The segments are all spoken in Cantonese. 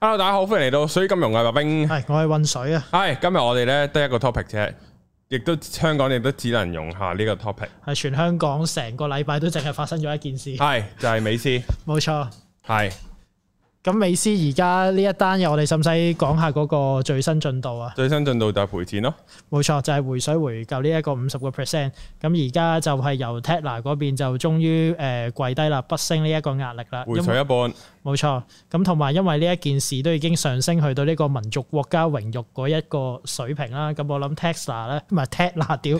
hello，大家好，歡迎嚟到水金融嘅白兵，係我係渾水啊，係今日我哋咧得一個 topic 啫，亦都香港亦都只能用下呢個 topic，係全香港成個禮拜都淨係發生咗一件事，係就係、是、美斯，冇錯 錯，係咁是美斯而家呢一單嘢，我哋使唔使講下嗰個最新進度啊？最新進度就係賠錢咯，冇錯就係、是、回水回購呢一個五十個 percent，咁而家就係由 Tetra 嗰邊就終於誒跪低啦，不勝呢一個壓力啦，回水一半。冇錯，咁同埋因為呢一件事都已經上升去到呢個民族國家榮辱嗰一個水平啦。咁我諗 Tessler 咧，唔係 Tessler 屌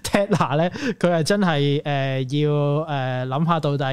，Tessler 咧，佢係真係誒要誒諗下到底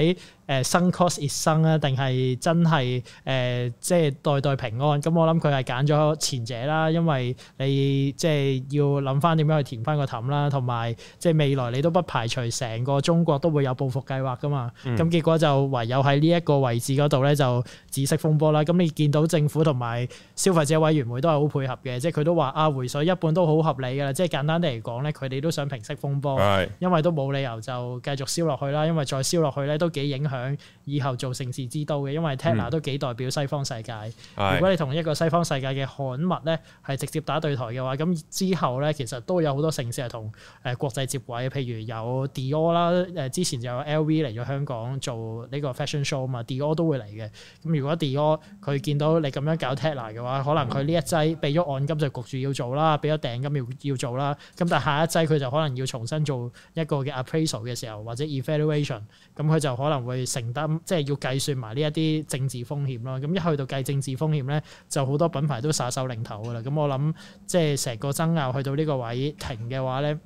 誒生、呃、cost is 生啊，定係真係誒即係代代平安？咁我諗佢係揀咗前者啦，因為你即係、就是、要諗翻點樣去填翻個氹啦，同埋即係未來你都不排除成個中國都會有報復計劃噶嘛。咁、嗯、結果就唯有喺呢一個位置嗰度咧。就紫色風波啦，咁你見到政府同埋消費者委員會都係好配合嘅，即係佢都話啊回水一半都好合理噶啦，即係簡單地嚟講呢，佢哋都想平息風波，因為都冇理由就繼續燒落去啦，因為再燒落去呢，都幾影響以後做城市之都嘅，因為 Tatler 都幾代表西方世界，嗯、如果你同一個西方世界嘅刊物呢，係直接打對台嘅話，咁之後呢，其實都有好多城市係同誒國際接軌，譬如有 Dior 啦，誒之前就有 LV 嚟咗香港做呢個 fashion show 嘛，Dior 都會嚟。嘅咁，如果 Dior 佢見到你咁樣搞 Taylor 嘅話，可能佢呢一劑備咗按金就焗住要做啦，備咗訂金要要做啦。咁但下一劑佢就可能要重新做一個嘅 appraisal 嘅時候，或者 evaluation，咁佢就可能會承擔，即係要計算埋呢一啲政治風險咯。咁一去到計政治風險咧，就好多品牌都撒手擰頭噶啦。咁我諗，即係成個爭拗去到呢個位停嘅話咧，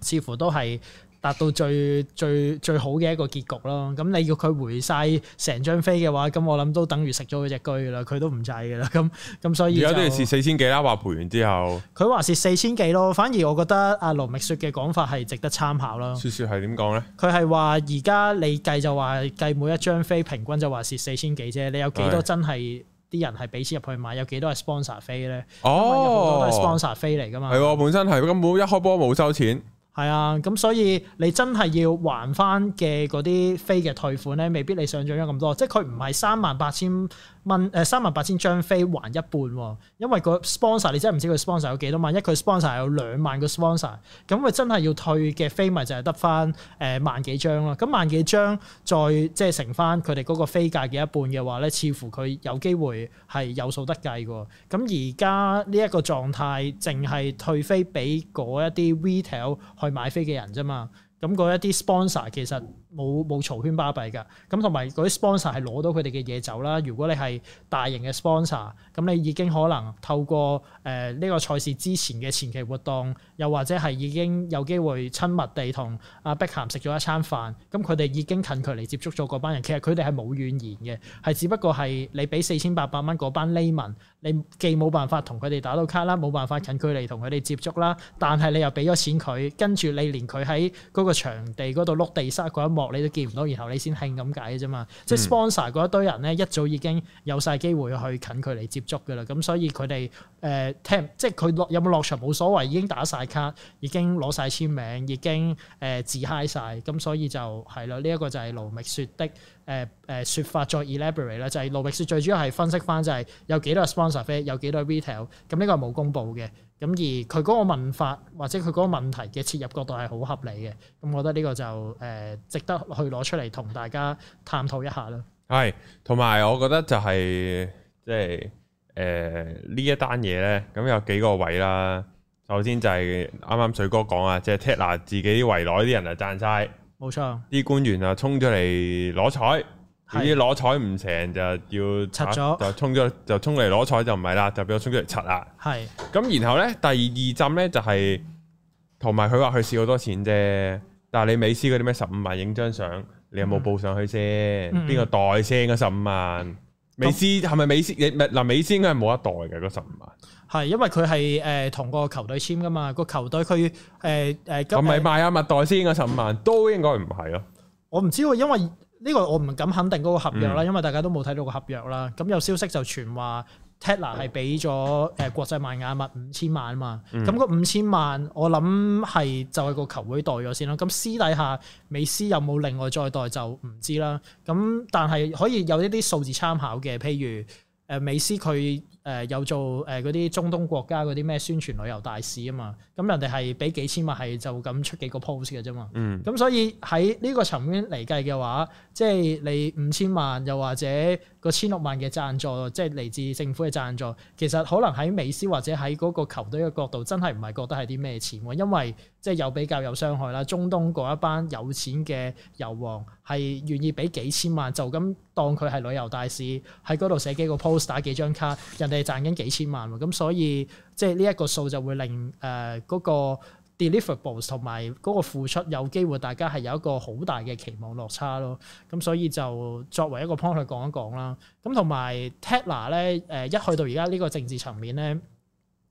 似乎都係。達到最最最好嘅一個結局咯。咁你要佢回晒成張飛嘅話，咁我諗都等於食咗嗰隻居噶啦，佢都唔制噶啦。咁咁所以而家都要蝕四千幾啦。話賠完之後，佢話蝕四千幾咯。反而我覺得阿羅密雪嘅講法係值得參考咯。雪雪係點講咧？佢係話而家你計就話計每一張飛平均就話蝕四千幾啫。你有幾多真係啲人係俾錢入去買？有幾多係 sponsor 飛咧？哦，有好多都係 sponsor 飛嚟噶嘛。係、哦哦，本身係根本一開波冇收錢。係啊，咁所以你真係要還翻嘅嗰啲飛嘅退款咧，未必你上漲咗咁多，即係佢唔係三萬八千。問誒三萬八千張飛還一半喎，因為個 sponsor 你真係唔知佢 sponsor 有幾多萬，一佢 sponsor 有兩萬個 sponsor，咁佢真係要退嘅飛咪就係得翻誒萬幾張咯，咁萬幾張再即係乘翻佢哋嗰個飛價嘅一半嘅話咧，似乎佢有機會係有數得計喎。咁而家呢一個狀態淨係退飛俾嗰一啲 retail 去買飛嘅人啫嘛，咁嗰一啲 sponsor 其實。冇冇嘈喧巴閉㗎，咁同埋嗰啲 sponsor 係攞到佢哋嘅嘢走啦。如果你係大型嘅 sponsor，咁你已經可能透過誒呢、呃這個賽事之前嘅前期活動，又或者係已經有機會親密地同阿碧咸食咗一餐飯，咁佢哋已經近距離接觸咗嗰班人。其實佢哋係冇怨言嘅，係只不過係你俾四千八百蚊嗰班 layman，你既冇辦法同佢哋打到卡啦，冇辦法近距離同佢哋接觸啦，但係你又俾咗錢佢，跟住你連佢喺嗰個場地嗰度碌地沙嗰一幕，你都見唔到，然後你先興咁解啫嘛。嗯、即係 sponsor 嗰一堆人咧，一早已經有晒機會去近距離接觸嘅啦。咁所以佢哋誒聽，即係佢落有冇落場冇所謂，已經打晒卡，已經攞晒簽名，已經誒、呃、自嗨晒。g 咁所以就係啦。呢一、呢個就係盧覓雪的誒誒説法再 elaborate 啦。就係盧覓雪最主要係分析翻就係有幾多 sponsor 飛，有幾多 retail。咁呢個冇公布嘅。咁而佢嗰個問法或者佢嗰個問題嘅切入角度係好合理嘅，咁、嗯、我覺得呢個就誒、呃、值得去攞出嚟同大家探討一下咯。係，同埋我覺得就係即係誒呢一單嘢咧，咁有幾個位啦。首先就係啱啱水哥講啊，即係 Tatler 自己圍內啲人啊賺曬，冇錯，啲官員啊衝出嚟攞彩。你攞彩唔成就要拆咗，就衝咗就衝嚟攞彩就唔係啦，就畀我衝咗嚟拆啦。係咁，然後咧第二浸咧就係同埋佢話佢試好多錢啫，但係你美斯嗰啲咩十五萬影張相，你有冇報上去先？邊個袋先嗰十五萬？美斯係咪美斯？嗱美斯應該係冇一袋嘅嗰十五萬。係因為佢係誒同個球隊簽噶嘛，個球隊佢誒誒，同咪賣阿麥袋先嗰十五萬都應該唔係咯。我唔知啊，因為。呢個我唔敢肯定嗰個合約啦，因為大家都冇睇到個合約啦。咁、嗯、有消息就傳話 Tanner 係俾咗誒國際萬雅物五千萬啊嘛。咁、嗯、個五千萬我諗係就係個球會代咗先啦。咁私底下美斯有冇另外再代就唔知啦。咁但係可以有一啲數字參考嘅，譬如誒美斯佢。誒有呃做誒啲呃中東國家嗰啲咩宣傳旅遊大使啊嘛，咁人哋係俾幾千萬係就咁出幾個 post 嘅啫嘛，嗯，咁所以喺呢個層面嚟計嘅話，即係你五千萬又或者個千六萬嘅贊助，即係嚟自政府嘅贊助，其實可能喺美斯或者喺嗰個球隊嘅角度，真係唔係覺得係啲咩錢，因為即係又比較有傷害啦。中東嗰一班有錢嘅游王係願意俾幾千萬就咁當佢係旅遊大使喺嗰度寫幾個 post 打幾張卡，人哋，你賺緊幾千萬喎，咁所以即係呢一個數就會令誒嗰、呃嗰個 deliverables 同埋嗰個付出有機會大家係有一個好大嘅期望落差咯，咁所以就作為一個 point 去講一講啦。咁同埋 Tatler 咧誒、呃、一去到而家呢個政治層面咧，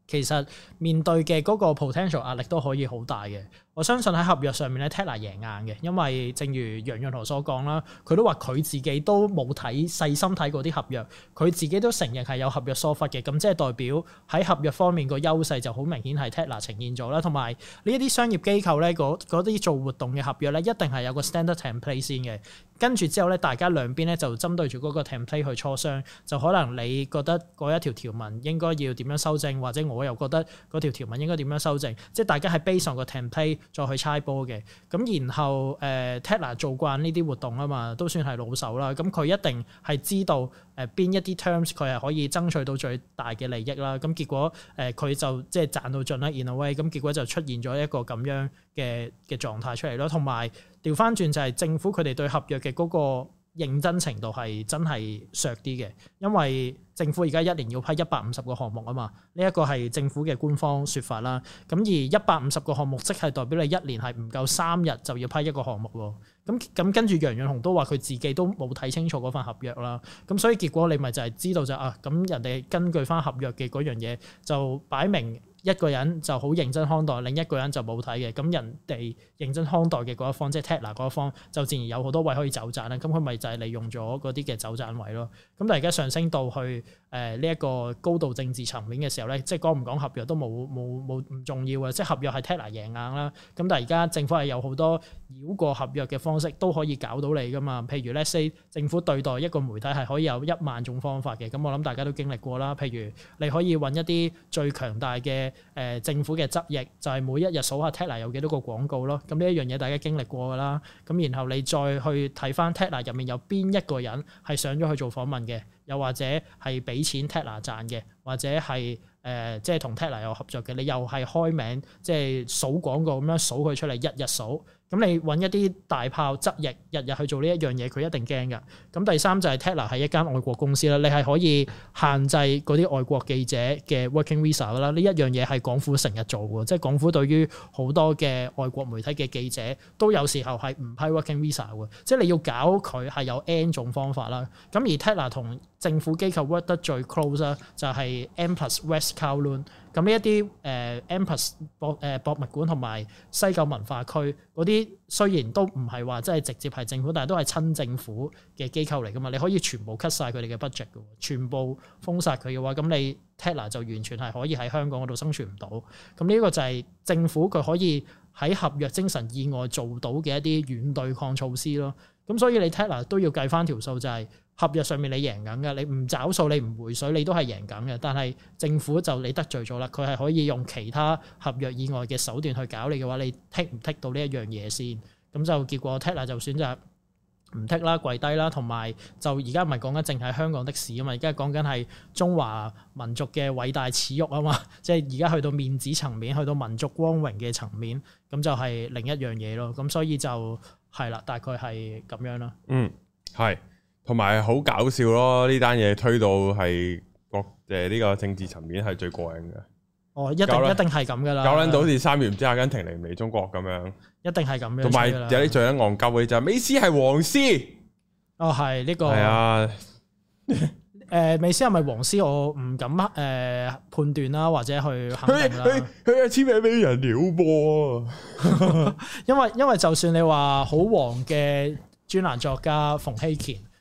其實面對嘅嗰個 potential 壓力都可以好大嘅。我相信喺合約上面咧 Tatler 贏硬嘅，因為正如楊潤雄所講啦，佢都話佢自己都冇睇細心睇過啲合約，佢自己都承認係有合約疏忽嘅，咁即係代表喺合約方面個優勢就好明顯係 Tatler 呈現咗啦，同埋呢一啲商業機構咧，嗰啲做活動嘅合約咧，一定係有個 standard template 先嘅，跟住之後咧，大家兩邊咧就針對住嗰個 template 去磋商，就可能你覺得嗰一條條文應該要點樣修正，或者我又覺得嗰條條文應該點樣修正，即係大家喺 base 上個 template。再去猜波嘅，咁然後誒 Teller、呃、做慣呢啲活動啊嘛，都算係老手啦。咁佢一定係知道誒邊一啲 terms 佢係可以爭取到最大嘅利益啦。咁結果誒佢、呃、就即係賺到盡啦。In a way，咁結果就出現咗一個咁樣嘅嘅狀態出嚟咯。同埋調翻轉就係政府佢哋對合約嘅嗰個。認真程度係真係削啲嘅，因為政府而家一年要批一百五十個項目啊嘛，呢一個係政府嘅官方說法啦。咁而一百五十個項目即係代表你一年係唔夠三日就要批一個項目喎。咁咁跟住楊潤雄都話佢自己都冇睇清楚嗰份合約啦。咁所以結果你咪就係知道就啊，咁人哋根據翻合約嘅嗰樣嘢就擺明。一個人就好認真看待，另一個人就冇睇嘅。咁人哋認真看待嘅嗰一方，即係 Tatler 嗰一方，就自然有好多位可以走盞啦。咁佢咪就係利用咗嗰啲嘅走盞位咯。咁但係而家上升到去誒呢一個高度政治層面嘅時候咧，即係講唔講合約都冇冇冇唔重要啊！即係合約係 Tatler 贏硬啦。咁但係而家政府係有好多繞過合約嘅方式都可以搞到你㗎嘛。譬如咧，say 政府對待一個媒體係可以有一萬種方法嘅。咁我諗大家都經歷過啦。譬如你可以揾一啲最強大嘅。誒、呃、政府嘅執役就係、是、每一日數一下 TikTok 有幾多個廣告咯，咁呢一樣嘢大家經歷過㗎啦。咁然後你再去睇翻 TikTok 入面有邊一個人係上咗去做訪問嘅，又或者係俾錢 TikTok 賺嘅，或者係誒即係同 TikTok 有合作嘅，你又係開名即係、就是、數廣告咁樣數佢出嚟，一日數。咁你揾一啲大炮執翼，日日去做呢一樣嘢，佢一定驚噶。咁第三就係 Tatler 係一間外國公司啦，你係可以限制嗰啲外國記者嘅 Working Visa 啦。呢一樣嘢係港府成日做嘅，即係港府對於好多嘅外國媒體嘅記者都有時候係唔批 Working Visa 嘅，即係你要搞佢係有 N 種方法啦。咁而 Tatler 同政府機構 work 得最 close 啊，就係 M+ West Kowloon。咁呢一啲誒 Empress 博誒、呃、博物館同埋西九文化區嗰啲，雖然都唔係話即係直接係政府，但係都係親政府嘅機構嚟㗎嘛。你可以全部 cut 晒佢哋嘅 budget 嘅，全部封殺佢嘅話，咁你 Tatler 就完全係可以喺香港嗰度生存唔到。咁呢個就係政府佢可以喺合約精神以外做到嘅一啲軟對抗措施咯。咁所以你 Tatler 都要計翻條數，就係合約上面你贏緊嘅，你唔找數，你唔回水，你都係贏緊嘅。但係政府就你得罪咗啦，佢係可以用其他合約以外嘅手段去搞你嘅話，你剔唔剔到呢一樣嘢先？咁就結果 Tatler 就選擇唔剔啦、跪低啦，同埋就而家唔係講緊淨係香港的士啊嘛，而家講緊係中華民族嘅偉大恥辱啊嘛，即係而家去到面子層面、去到民族光榮嘅層面，咁就係另一樣嘢咯。咁所以就。係啦，大概係咁樣啦。嗯，係，同埋好搞笑咯！呢單嘢推到係國際呢個政治層面係最過癮嘅。哦，一定得一定係咁噶啦。有捻到好似三月唔知阿根廷嚟唔嚟中國咁樣，一定係咁樣。同埋有啲最啱戇鳩嘅就就，美斯係黃絲。黃哦，係呢、這個。係啊。 誒，美斯係咪黃絲？我唔敢誒、呃、判斷啦，或者去肯定啦。佢佢佢係簽名俾人撩噃， 因為因為就算你話好黃嘅專欄作家馮睎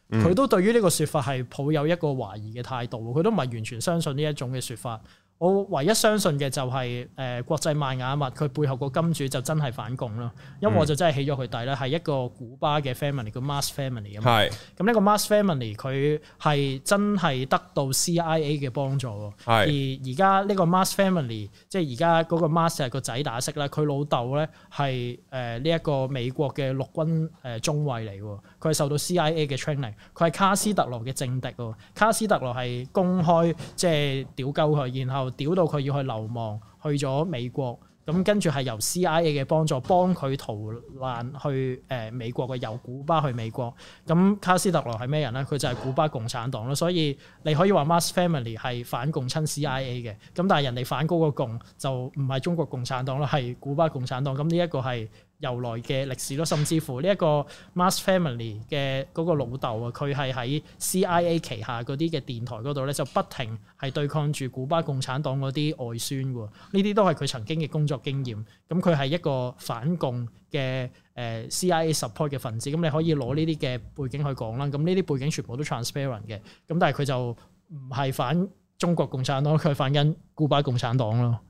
乾，佢、嗯、都對於呢個說法係抱有一個懷疑嘅態度，佢都唔係完全相信呢一種嘅說法。我唯一相信嘅就係、是、誒、呃、國際邁阿密，佢背後個金主就真係反共咯，因為我就真係起咗佢底啦，係、嗯、一個古巴嘅 family 叫是 Mas family 啊。係。咁呢個 Mas family 佢係真係得到 CIA 嘅幫助。是而而家呢個 Mas family 即係而家嗰個 Mas 係個仔打識啦。佢老豆咧係誒呢一個美國嘅陸軍誒、呃、中尉嚟，佢係受到 CIA 嘅 training，佢係卡斯特羅嘅政敵喎。卡斯特羅係公開即係屌鳩佢，然後。屌到佢要去流亡，去咗美國，咁跟住係由 CIA 嘅幫助幫佢逃難去誒美國嘅，由古巴去美國，咁卡斯特羅係咩人咧？佢就係古巴共產黨咯，所以你可以話 Mass Family 係反共親 CIA 嘅，咁但係人哋反嗰個共就唔係中國共產黨啦，係古巴共產黨，咁呢一個係。由來嘅歷史咯，甚至乎呢一個 Messi Family 嘅嗰個老豆啊，佢係喺 CIA 旗下嗰啲嘅電台嗰度咧，就不停係對抗住古巴共產黨嗰啲外宣喎。呢啲都係佢曾經嘅工作經驗。咁佢係一個反共嘅誒 CIA support 嘅分子。咁你可以攞呢啲嘅背景去講啦。咁呢啲背景全部都 transparent 嘅。咁但係佢就唔係反中國共產黨，佢係反緊古巴共產黨咯。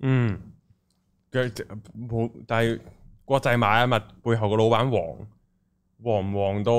嗯，但係。國際買物背後個老闆黃，黃唔黃到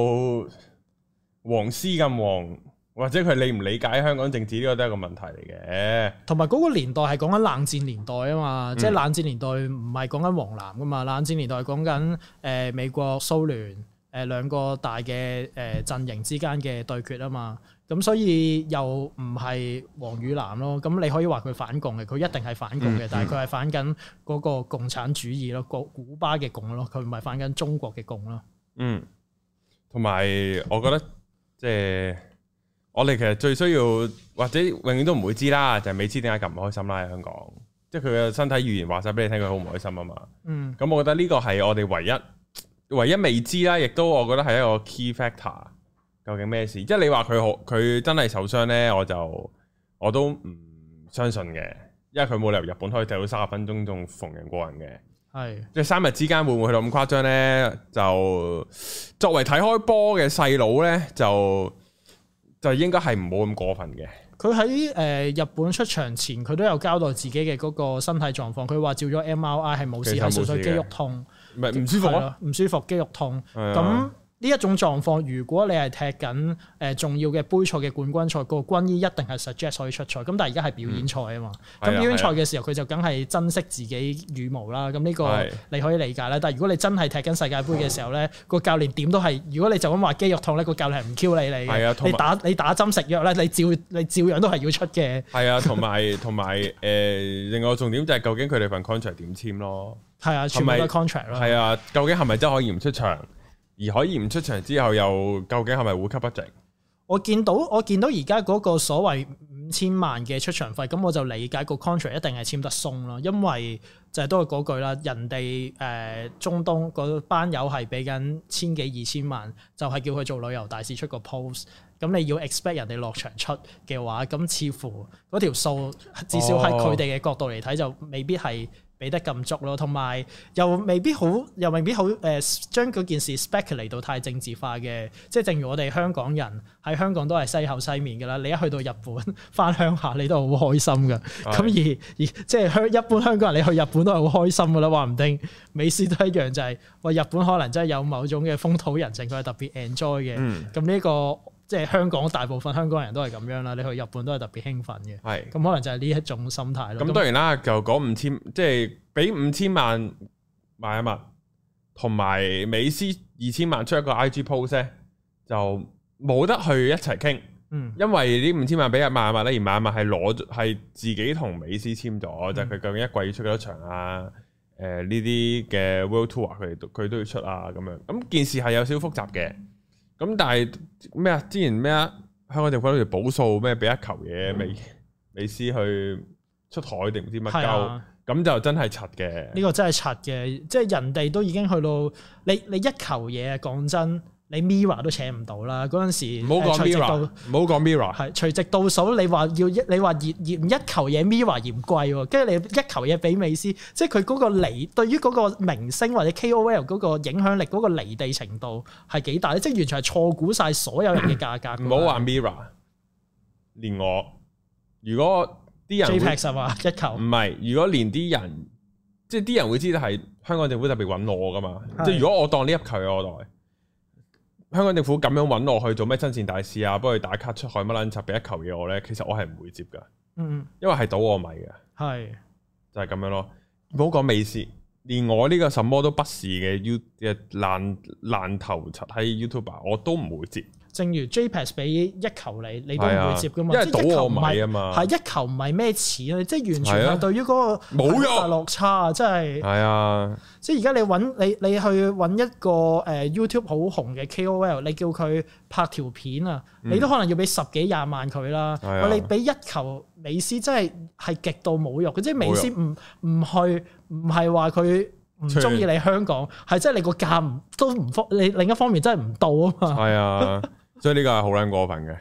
黃絲咁黃，或者佢理唔理解香港政治呢，這個都係個問題嚟嘅。同埋嗰個年代係講緊冷戰年代啊嘛，嗯、即係冷戰年代唔係講緊黃藍噶嘛，冷戰年代係講緊誒美國蘇聯。誒兩個大嘅誒、呃、陣營之間嘅對決啊嘛，咁所以又唔係黃與藍咯，咁你可以話佢反共嘅，佢一定係反共嘅，嗯、但係佢係反緊嗰個共產主義咯，古古巴嘅共咯，佢唔係反緊中國嘅共咯。嗯，同埋我覺得即係、呃、我哋其實最需要或者永遠都唔會知啦，就係、是、美斯點解咁唔開心啦、啊？喺香港，即係佢嘅身體語言話晒俾你聽，佢好唔開心啊嘛。嗯，咁我覺得呢個係我哋唯一。唯一未知啦，亦都我覺得係一個 key factor，究竟咩事？即係你話佢好，佢真係受傷咧，我就我都唔相信嘅，因為佢冇理由日本可以踢到三十分鐘仲逢人過人嘅。係是，即係三日之間會唔會去到咁誇張咧？就作為睇開波嘅細佬咧，就就應該係唔好咁過分嘅。佢喺誒日本出場前，佢都有交代自己嘅嗰個身體狀況。佢話照咗 MRI 係冇事，係純粹肌肉痛。唔係唔舒服咯，唔舒服肌肉痛咁。呢一種狀況，如果你係踢緊誒重要嘅杯賽嘅冠軍賽，個軍醫一定係 suggest 可以出賽。咁但係而家係表演賽啊嘛。咁表演賽嘅時候，佢就梗係珍惜自己羽毛啦。咁呢個你可以理解啦。但係如果你真係踢緊世界盃嘅時候咧，個教練點都係。如果你就咁話肌肉痛咧，個教練係唔 cue 你你嘅。你打你打針食藥咧，你照你照樣都係要出嘅。係啊，同埋同埋誒，另外個重點就係究竟佢哋份 contract 點簽咯？係啊，全部都 contract 咯。係啊，究竟係咪真係可以唔出場？而可以唔出場之後，又究竟係咪會給不值？我見到我見到而家嗰個所謂五千萬嘅出場費，咁我就理解個 contract 一定係簽得鬆咯，因為就係都係嗰句啦，人哋誒、呃、中東嗰班友係俾緊千幾二千萬，就係、是、叫佢做旅遊大使出個 post，咁你要 expect 人哋落場出嘅話，咁似乎嗰條數至少喺佢哋嘅角度嚟睇、哦、就未必係。俾得咁足咯，同埋又未必好，又未必好誒、呃，將嗰件事 speculate 到太政治化嘅，即係正如我哋香港人喺香港都係西口西面嘅啦，你一去到日本翻鄉下，你都好開心嘅，咁的而而即係香一般香港人，你去日本都係好開心嘅啦，話唔定美斯都一樣、就係，就係話日本可能真係有某種嘅風土人情，佢係特別 enjoy 嘅，咁呢、嗯呢個。即係香港大部分香港人都係咁樣啦，你去日本都係特別興奮嘅。係是，咁可能就係呢一種心態咯。咁當然啦，就講五千，即係俾五千萬邁阿密，同埋美斯二千萬出一個 IG post 咧，就冇得去一齊傾。嗯，因為呢五千萬俾邁阿密邁阿密，而邁阿密係攞咗係自己同美斯簽咗，就佢、係、究竟一季要出幾多場啊？誒、呃，呢啲嘅 World Tour 佢佢都，都要出啊，咁樣。咁件事係有少少複雜嘅。嗯咁但係咩啊？之前咩啊？香港政府好似補數咩？俾一球嘢美美斯去出台定唔知乜鳩？咁、嗯、就真係柒嘅。呢個真係柒嘅，即係人哋都已經去到你你一球嘢，講真。你 MIRROR 都請唔到啦！嗰陣時，唔好講 MIRROR，唔好講 MIRROR，係隨直倒數。你話要一，你話嫌嫌一球嘢 MIRROR 嫌貴喎，跟住你一球嘢俾美斯，即係佢嗰個離對於嗰個明星或者 KOL 嗰個影響力嗰個離地程度係幾大咧？即係完全係錯估晒所有人嘅價格。唔好話 MIRROR，連我，如果啲人，一球唔係，如果連啲人，即係啲人會知道係香港政府特別搵我㗎嘛？即係如果我當呢一球嘢，我嚟。香港政府咁樣揾我去做咩親善大使啊？幫佢打卡出海乜撚柒，畀一嚿嘢我咧，其實我係唔會接㗎，嗯、因為係賭我米嘅，是就係咁樣咯。唔好講美斯，連我呢個什麼都不是嘅 u 嘅爛爛頭柒喺 YouTuber 我都唔會接。正如 JPEX 俾一球你，你都唔會接噶嘛、啊，因為球唔係啊嘛，係一球唔係咩錢啊，即係完全係對於嗰個文化落差，真係。係啊，即係而家你你你去揾一個誒 YouTube 好紅嘅 KOL，你叫佢拍條片啊，你都可能要俾十幾廿萬佢啦。我、啊、你俾一球美斯，真係係極度侮辱，辱即係美斯唔唔去，唔係話佢唔中意你香港，係即係你個價都唔方，你另一方面真係唔到啊嘛。係啊。 所以呢個係好撚過分嘅，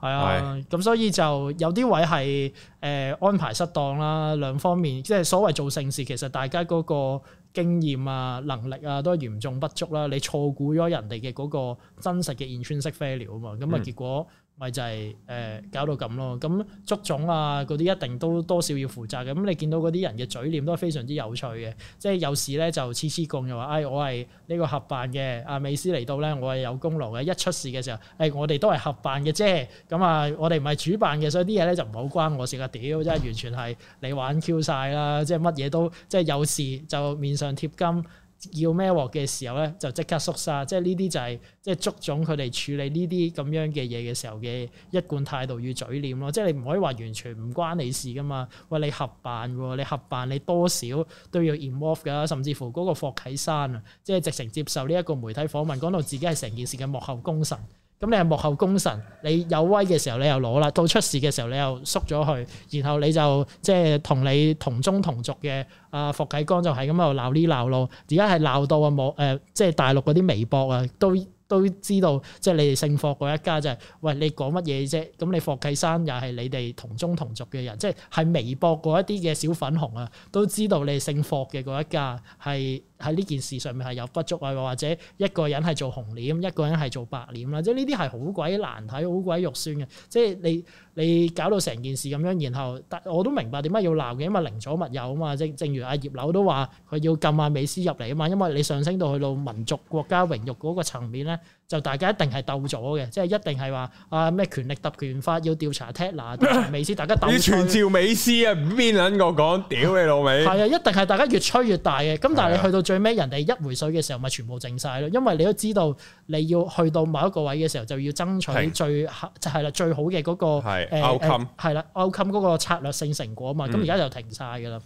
係啊，咁是所以就有啲位係誒、呃、安排失當啦，兩方面，即係所謂做盛事，其實大家嗰個經驗啊、能力啊都嚴重不足啦，你錯估咗人哋嘅嗰個真實嘅燕穿式 failure 啊嘛，咁啊結果、嗯。咪就係、是、誒、呃、搞到咁咯，咁足總啊嗰啲一定都多少要負責嘅。咁、嗯、你見到嗰啲人嘅嘴臉都係非常之有趣嘅，即係有事咧就黐黐共又話，唉、哎，我係呢個合辦嘅，阿、啊、美斯嚟到咧我係有功勞嘅。一出事嘅時候，誒、哎、我哋都係合辦嘅啫，咁、嗯、啊、嗯、我哋唔係主辦嘅，所以啲嘢咧就唔好關我事啊！屌，真係完全係你玩 Q 晒啦，即係乜嘢都即係有事就面上貼金。要孭鑊嘅時候咧，就即刻縮沙，即係呢啲就係即係足總佢哋處理呢啲咁樣嘅嘢嘅時候嘅一貫態度與嘴臉咯。即係你唔可以話完全唔關你事噶嘛，喂你合辦喎，你合辦，你，合辦你多少都要 involve 㗎，甚至乎嗰個霍啟山啊，即係直情接，接受呢一個媒體訪問，講到自己係成件事嘅幕後功臣。咁、嗯、你係幕後功臣，你有威嘅時候你又攞啦，到出事嘅時候你又縮咗去，然後你就即係同你同宗同族嘅啊霍啟剛就係咁喺度鬧呢鬧咯，而家係鬧到啊莫誒，即係大陸嗰啲微博啊都都知道，即係你哋姓霍嗰一家就係，喂你講乜嘢啫？咁、嗯、你霍啟山又係你哋同宗同族嘅人，即係係微博嗰一啲嘅小粉紅啊，都知道你哋姓霍嘅嗰一家係喺呢件事上面係有不足啊，或者一個人係做紅臉，一個人係做白臉啦，即係呢啲係好鬼難睇，好鬼肉酸嘅。即係你你搞到成件事咁樣，然後我都明白點解要鬧嘅，因為寧左勿右啊嘛。正正如阿葉劉都話，佢要撳阿美斯入嚟啊嘛，因為你上升到去到民族國家榮辱嗰個層面咧，就大家一定係鬥咗嘅，即係一定係話啊咩權力特權法，要調查 Tina，調查美斯大家鬥。要全召美斯啊！邊撚個講？屌你老味！係啊，一定係大家越吹越大嘅。咁但係你去到最最尾人哋一回水嘅時候，咪全部淨晒咯，因為你都知道你要去到某一個位嘅時候，就要爭取最就係啦，最好嘅嗰個係 outcome 係啦，outcome 嗰個策略性成果嘛，咁而家就停晒噶啦，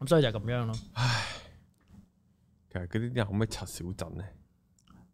咁所以就咁樣咯。唉，其實嗰啲啲可唔可以拆小鎮咧？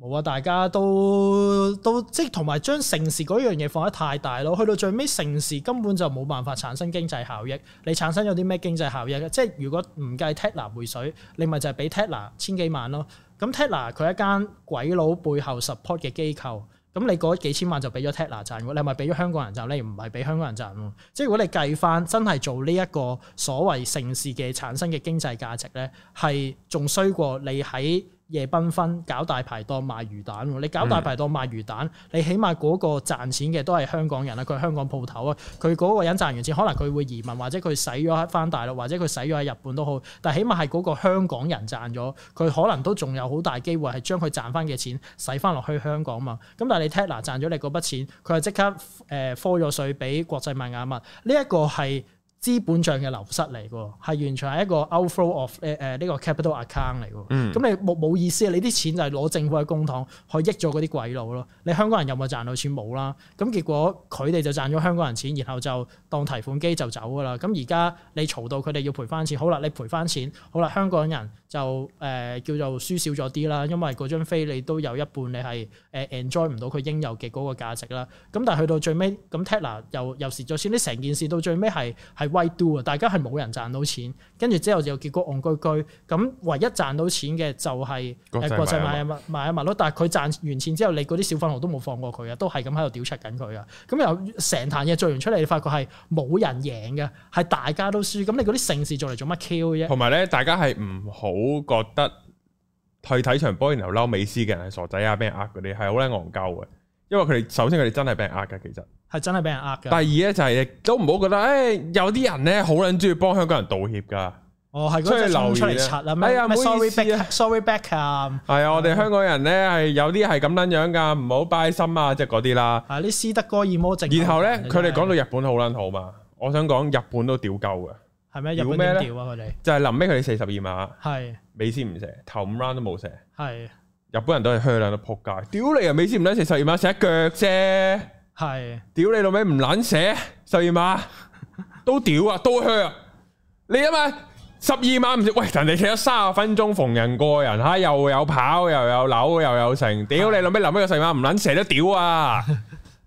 冇啊！大家都都即同埋將城市嗰樣嘢放得太大咯，去到最尾城市根本就冇辦法產生經濟效益。你產生咗啲咩經濟效益咧？即係如果唔計 Tatler 匯水，你咪就係俾 Tatler 千幾萬咯。咁 Tatler 佢一間鬼佬背後 support 嘅機構，咁你嗰幾千萬就俾咗 Tatler 賺，你係咪俾咗香港人賺，你唔係俾香港人賺。即係如果你計翻真係做呢一個所謂城市嘅產生嘅經濟價值咧，係仲衰過你喺夜繽紛搞大排檔賣魚蛋喎，你搞大排檔賣魚蛋，你起碼嗰個賺錢嘅都係香港人啦，佢係香港鋪頭啊，佢嗰個人賺完錢，可能佢會移民或者佢使咗翻大陸，或者佢使咗喺日本都好，但起碼係嗰個香港人賺咗，佢可能都仲有好大機會係將佢賺翻嘅錢使翻落去香港嘛。咁但係你 Tina 賺咗你嗰筆錢，佢係即刻誒科咗稅俾國際邁亞密。呢、這、一個係。資本帳嘅流失嚟嘅，係完全係一個 outflow of 誒誒呢個 capital account 嚟嘅。咁、mm. 你冇冇意思啊？你啲錢就係攞政府嘅公帑去益咗嗰啲鬼佬咯。你香港人有冇賺到錢冇啦？咁結果佢哋就賺咗香港人錢，然後就當提款機就走噶啦。咁而家你嘈到佢哋要賠翻錢，好啦，你賠翻錢，好啦，香港人。就誒叫做輸少咗啲啦，因為嗰張飛你都有一半，你係誒 enjoy 唔到佢應有嘅嗰個價值啦。咁但係去到最尾，咁 Tatler 又又蝕咗算啲，成件事到最尾係係 why do 啊？大家係冇人賺到錢，跟住之後就結果戇居居。咁唯一賺到錢嘅就係係國際邁阿密邁阿密咯。但係佢賺完錢之後，你嗰啲小粉紅都冇放過佢啊，都係咁喺度屌柒 h 緊佢啊。咁又成壇嘢做完出嚟，你發覺係冇人贏嘅，係大家都輸。咁你嗰啲盛事做嚟做乜 k 啫？同埋咧，大家係唔好。唔好覺得去睇場波然後嬲美斯嘅人係傻仔啊，俾人呃嗰啲係好撚戇鳩嘅，因為佢哋首先佢哋真係俾人呃噶，其實係真係俾人呃噶。第二咧就係亦都唔好覺得，誒、哎、有啲人咧好撚中意幫香港人道歉噶，哦係嗰隻留言啊，係啊，sorry back, sorry back 啊，係啊，啊，我哋香港人咧係有啲係咁撚樣噶，唔好拜心啊，即係嗰啲啦。啊啲斯德哥爾摩症。然後咧佢哋講到日本好撚好嘛，我想講日本都屌鳩嘅。係咩？日本點屌啊！佢哋就係臨尾佢哋射十二碼，係美斯唔射，頭五 round 都冇射。係日本人都係靴兩粒撲街，屌你啊！美斯唔捻射十二碼，射一腳啫。係屌你老尾唔捻射十二碼，都屌啊，都靴！你啊嘛，十二碼唔射，喂人哋企咗三十分鐘逢人過人，吓又有跑又有扭又有成，屌你老尾臨尾個十二碼唔捻射都屌啊！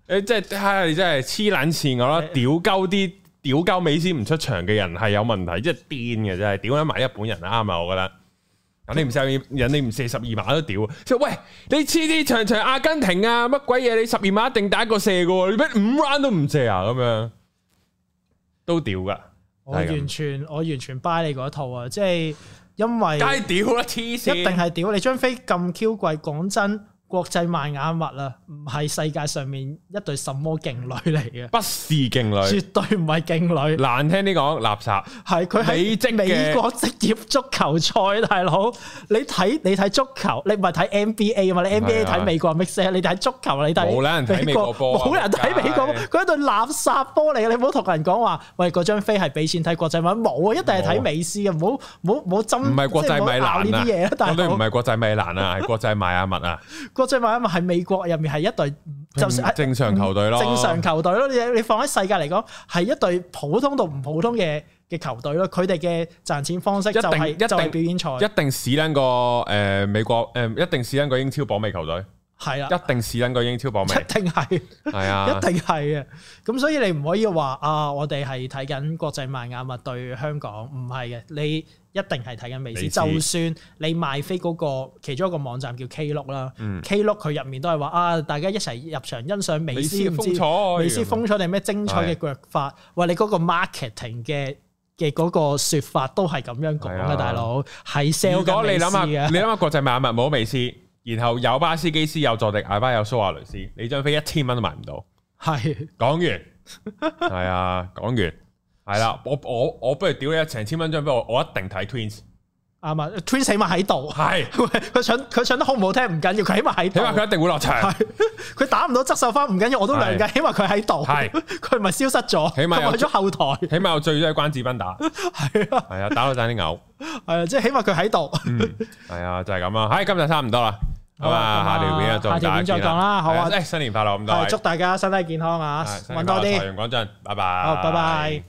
你即係，你真係黐捻線我咯，屌鳩啲。屌鳩美斯唔出場嘅人係有問題，即係癲嘅真係，屌埋日本人啊，啱啊，我覺得。你唔射二，人你唔射十二碼都屌。即係喂，你黐啲長長阿根廷啊，乜鬼嘢？你十二碼一定打一個射㗎，你畀五 run 都唔射啊，咁樣都屌噶。我完全，我完全 buy 你嗰套啊，即係因為。梗係屌啦，黐線！一定係屌你張飛咁 Q 貴，講真。國際邁雅物啊，唔係世界上面一對什麼勁女嚟嘅？不是勁女，絕對唔係勁女。難聽啲講，垃圾係佢係美職美國職業足球賽大佬。你睇你睇足球，你唔係睇 NBA 啊嘛？你 NBA 睇美國 mix 你睇足球，你睇，冇人睇美國波，冇人睇美國，佢一對垃圾波嚟嘅。你唔好同人講話，喂，嗰張飛係俾錢睇國際麥，冇啊，一定係睇美斯嘅。唔好唔好唔好針，唔係國際米蘭啊，絕對唔係國際米蘭啊，係國際邁雅物啊。 國際邁阿密係美國入面係一隊，就係正常球隊咯。正常球隊咯，你你放喺世界嚟講係一隊普通到唔普通嘅嘅球隊咯。佢哋嘅賺錢方式就係就係表演賽，一定係揾個誒美國誒，一定係揾個英超包尾球隊，係啦，一定係揾個英超包尾，一定係，係啊，一定係啊。咁所以你唔可以話啊，我哋係睇緊國際邁阿密對香港，唔係嘅，你。一定係睇緊美斯，就算你賣飛嗰個其中一個網站叫 K 碌啦，K 碌佢入面都係話啊，大家一齊入場欣賞美斯唔知微斯風采定咩精彩嘅腳法，哇！你嗰個 marketing 嘅嘅嗰個説法都係咁樣講嘅，大佬係 sell。如果你諗下，你諗下國際萬物冇美斯，然後有巴斯基斯、有助迪、亞巴、有蘇亞雷斯，你張飛一千蚊都賣唔到。係講完，係啊，講完。係啦，我我我不如屌你一成千蚊張俾我，我一定睇 Twins。啱啊，Twins 起碼喺度。係佢唱佢唱得好唔好聽唔緊要，佢起碼喺度。起碼佢一定會落場。佢打唔到側秀花唔緊要，我都兩屆，起碼佢喺度。係佢唔係消失咗，起碼去咗後台。起碼我最中意關智斌打。係啊，係啊，打到晒啲牛。係啊，即係起碼佢喺度。係啊，就係咁啊。係今日差唔多啦。好啊，下條片再再講啦。好啊，新年快樂咁多。祝大家身體健康啊，搵多啲。楊廣拜拜。拜拜。